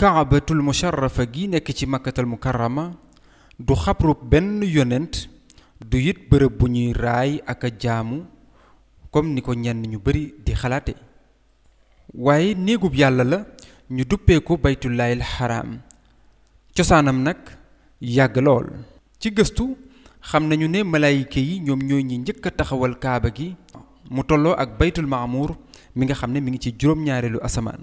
kaabatul musharrafa gi nekk ci makkatal mukarrama du xabrub benn yonent du it bërëb bu ñuy raay ak a jaamu comme ni ko ñenn ñu bari di xalaate waaye néegub yàlla la ñu duppee ko baytullaahil xaraam cosaanam nag yàgg lool ci gëstu xam nañu ne malaayika yi ñoom ñoo ñi njëkk a taxawal kaaba gi mu tolloo ak baytul maamuur mi nga xam ne mi ngi ci juróom-ñaareelu asamaan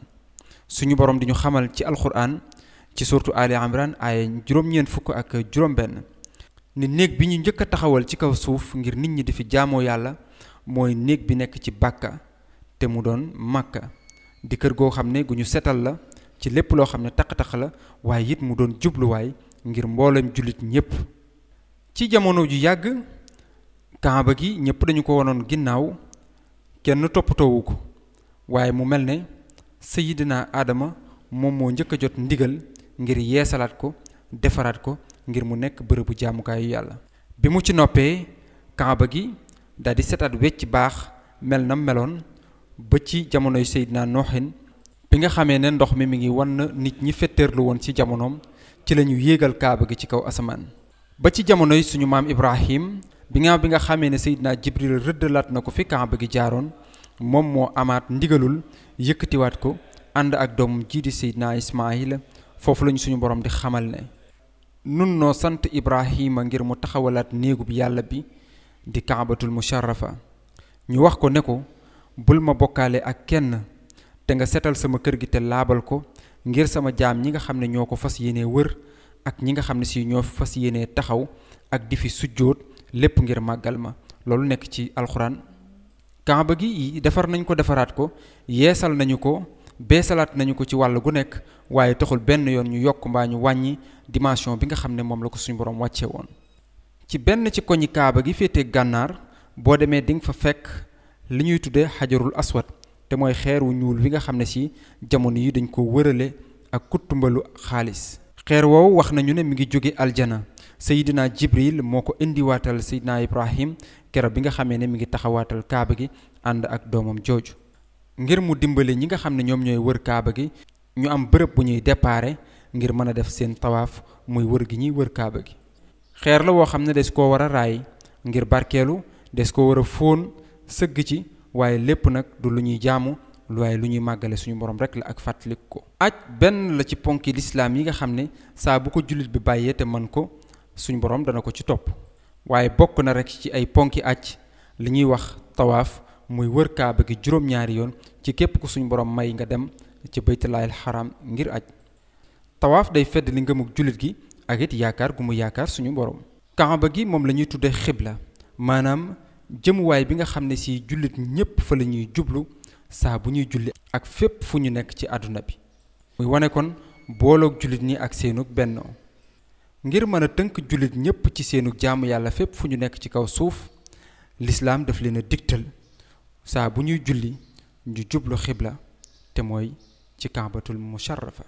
suñu borom di ñu xamal ci alxuraan ci surtu Ali Imran ay fukk ak juróom ni néeg bi ñu njëkk a taxawal ci kaw suuf ngir nit ñi di fi jaamoo yàlla mooy néeg bi nekk ci bàkka te mu doon màkka di kër goo xam ne gu ñu setal la ci lépp loo xam ne taq-taq la waaye it mu doon jubluwaay ngir mboolem jullit ñépp ci jamono ju yàgg kamba gi ñépp dañu ko wonoon ginnaaw kenn toppatoowu ko waaye mu mel ne sayidina aadama moom moo njëkk a jot ndigal ngir yeesalaat ko defaraat ko ngir mu nekk bërëbu jàmmukaayu yàlla bi mu ci noppee kaaba gi daal di setaat wecc baax mel na meloon ba ci jamonoy sayidina nooxin bi nga xamee ne ndox mi mi ngi wan na nit ñi fetteerlu woon ci jamonoom ci la ñu yéegal kaaba gi ci kaw asamaan ba ci jamonoy suñu maam ibrahim bi nga bi nga xamee ne sayidina jibril rëddalaat na ko fi kaaba gi jaaroon moom moo amaat ndigalul yëkkatiwaat ko ànd ak doom jii di Seydina Ismaayil foofu lañu suñu borom di xamal ne nun noo sant Ibrahima ngir mu taxawalaat néegub yàlla bi di kaabatul musharrafa ñu wax ko ne ko bul ma bokkaale ak kenn te nga seetal sama kër gi te laabal ko ngir sama jaam ñi nga xam ne ñoo ko fas yéene wër ak ñi nga xam ne si ñoo fas yéene taxaw ak di fi sujjóot lépp ngir màggal ma loolu nekk ci alxuraan kaaba gi defar nañ ko defaraat ko yeesal nañu ko beesalaat nañu ko ci wàll gu nekk waaye taxul benn yoon ñu yokk mbaa ñu wàññi dimension bi nga xam ne moom la ko suñu borom wàcce woon ci benn ci koñi kaaba gi féete gànnaar boo demee di nga fa fekk li ñuy tuddee xajarul aswad te mooy xeer wu ñuul wi nga xam ne si jamono yi dañ ko wërale ak kuttumbalu xaalis xeer woowu wax nañu ne mi ngi jóge aljana Seydina Jibril moo ko indiwaatal Seydina Ibrahim keroog bi nga xamee ne mu ngi taxawaatal kaaba gi ànd ak doomam jooju ngir mu dimbale ñi nga xam ne ñoom ñooy wër kaaba gi ñu am bërëb bu ñuy déparé ngir mën a def seen tawaaf muy wër gi ñuy wër kaaba gi xeer la woo xam ne des koo war a raay ngir barkeelu des ko war a fóon sëgg ci waaye lépp nag du lu ñuy jaamu waaye lu ñuy màggale suñu borom rek la ak fàttaliku ko aj benn la ci ponk lislaam yi nga xam ne saa ko jullit bi bàyyee mën ko suñu borom dana ko ci topp waaye bokk na rek ci ay ponki aj li ñuy wax tawaaf muy wër kaaba gi juróom-ñaari yoon ci képp ku suñu borom may nga dem ci baytullaahil xaram ngir aj tawaaf day fedd li ngëmug jullit gi ak it yaakaar gu mu yaakaar suñu borom kaaba gi moom la ñuy tuddee la maanaam jëmuwaay bi nga xam ne si jullit ñépp fa la ñuy jublu saa bu ñuy julli ak fépp fu ñu nekk ci àdduna bi muy wane kon boolook jullit ñi ak seenug bennoo ngir mën a tënk jullit ñépp ci seenu jàmm yàlla fépp fu ñu nekk ci kaw suuf lislaam daf leen a digtal saa bu ñuy julli ñu jublu xibla te mooy ci kaabatul musharrafa